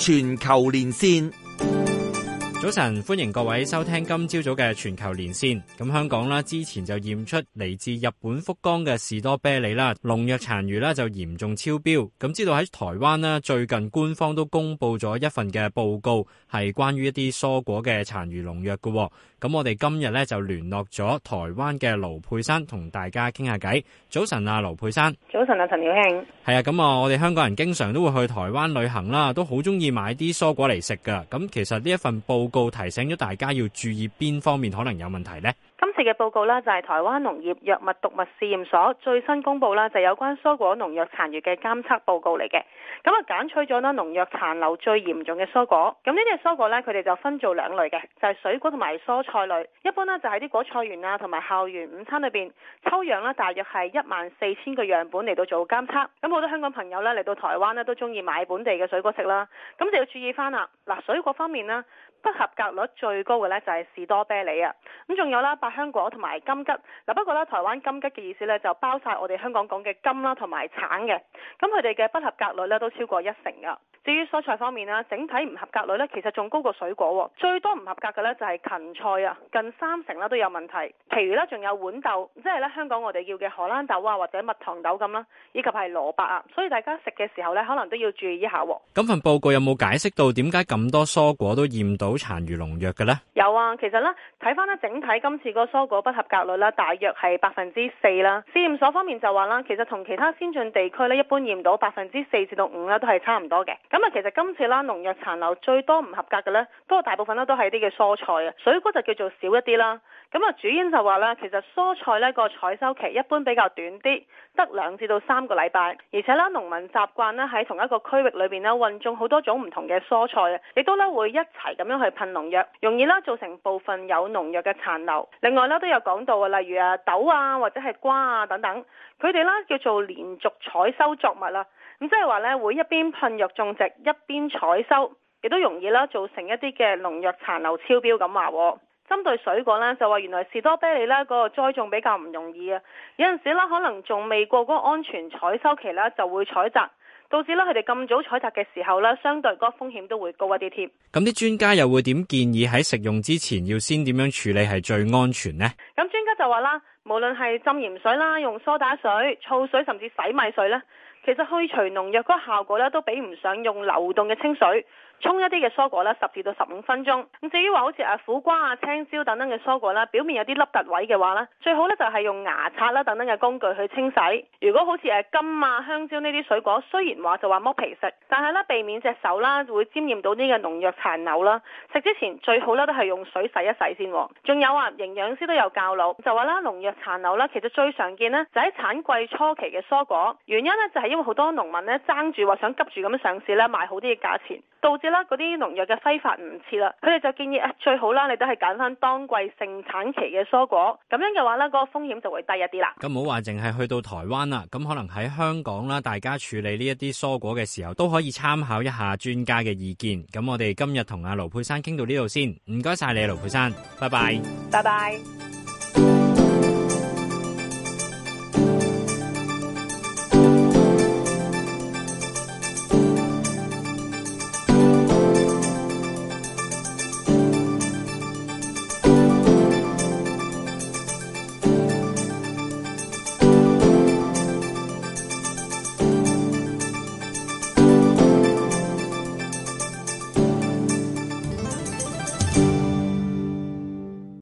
全球連線。早晨，歡迎各位收聽今朝早嘅全球連線。咁香港啦，之前就驗出嚟自日本福岡嘅士多啤梨啦，農藥殘餘啦，就嚴重超標。咁知道喺台灣咧，最近官方都公布咗一份嘅報告，係關於一啲蔬果嘅殘餘農藥嘅。咁我哋今日咧就聯絡咗台灣嘅盧珮，珮珊，同大家傾下偈。早晨啊，盧珮珊。早晨啊，陳曉慶。係啊，咁啊，我哋香港人經常都會去台灣旅行啦，都好中意買啲蔬果嚟食噶。咁其實呢一份報。告提醒咗大家要注意邊方面可能有問題呢？今次嘅報告呢，就係台灣農業藥物毒物試驗所最新公布啦，就有關蔬果農藥殘餘嘅監測報告嚟嘅。咁啊揀取咗呢農藥殘留最嚴重嘅蔬果。咁呢啲蔬果呢，佢哋就分做兩類嘅，就係水果同埋蔬菜類。一般呢，就喺啲果菜園啊同埋校園午餐裏邊抽樣啦，大約係一萬四千個樣本嚟到做監測。咁好多香港朋友呢，嚟到台灣呢，都中意買本地嘅水果食啦。咁就要注意翻啦。嗱，水果方面呢，不合格率最高嘅呢，就係士多啤梨啊。咁仲有啦，香果同埋柑桔，嗱，不過咧台灣柑桔嘅意思咧就包晒我哋香港講嘅柑啦同埋橙嘅，咁佢哋嘅不合格率咧都超過一成噶。至於蔬菜方面啦，整體唔合格率咧其實仲高過水果，最多唔合格嘅咧就係芹菜啊，近三成啦都有問題，其餘咧仲有豌豆，即係咧香港我哋叫嘅荷蘭豆啊或者蜜糖豆咁啦，以及係蘿蔔啊，所以大家食嘅時候咧可能都要注意一下。咁份報告有冇解釋到點解咁多蔬果都驗到殘餘農藥嘅咧？有啊，其實咧睇返呢，整體今次個蔬果不合格率咧，大約係百分之四啦。試驗所方面就話啦，其實同其他先進地區呢，一般驗到百分之四至到五呢，都係差唔多嘅。咁、嗯、啊，其實今次啦農藥殘留最多唔合格嘅呢，不過大部分呢，都係啲嘅蔬菜啊，水果就叫做少一啲啦。咁、嗯、啊，主因就話咧，其實蔬菜呢個採收期一般比較短啲，得兩至到三個禮拜，而且啦農民習慣呢，喺同一個區域裏邊呢，混種好多種唔同嘅蔬菜啊，亦都咧會一齊咁樣去噴農藥，容易啦，造成部分有農藥嘅殘留，另外咧都有講到啊，例如啊豆啊或者係瓜啊等等，佢哋啦叫做連續採收作物啦，咁即係話咧會一邊噴藥種植一邊採收，亦都容易啦造成一啲嘅農藥殘留超標咁話、哦。針對水果呢，就話原來士多啤利咧、嗰個栽種比較唔容易啊，有陣時咧可能仲未過嗰個安全採收期呢，就會採摘。導致咧佢哋咁早採摘嘅時候呢，相對個風險都會高一啲添。咁啲專家又會點建議喺食用之前要先點樣處理係最安全呢？咁專家就話啦，無論係浸鹽水啦、用梳打水、醋水甚至洗米水呢，其實去除農藥嗰個效果咧，都比唔上用流動嘅清水沖一啲嘅蔬果咧，十至到十五分鐘。咁至於話好似啊苦瓜啊青椒等等嘅蔬果咧，表面有啲凹凸位嘅話呢，最好咧就係用牙刷啦等等嘅工具去清洗。如果好似誒柑啊香蕉呢啲水果，雖然話就話剝皮食，但係咧避免隻手啦會沾染到呢個農藥殘留啦。食之前最好咧都係用水洗一洗先喎。仲有啊，營養師都有教路，就話啦農藥殘留咧，其實最常見呢就喺產季初期嘅蔬果，原因呢就係。因為好多農民咧爭住話想急住咁樣上市咧賣好啲嘅價錢，導致咧嗰啲農藥嘅揮發唔切啦。佢哋就建議啊，最好啦，你都係揀翻當季盛產期嘅蔬果，咁樣嘅話咧，嗰個風險就會低一啲啦。咁唔好話淨係去到台灣啦，咁可能喺香港啦，大家處理呢一啲蔬果嘅時候都可以參考一下專家嘅意見。咁我哋今日同阿盧珮珊傾到呢度先，唔該晒你，盧珮珊，拜拜，拜拜。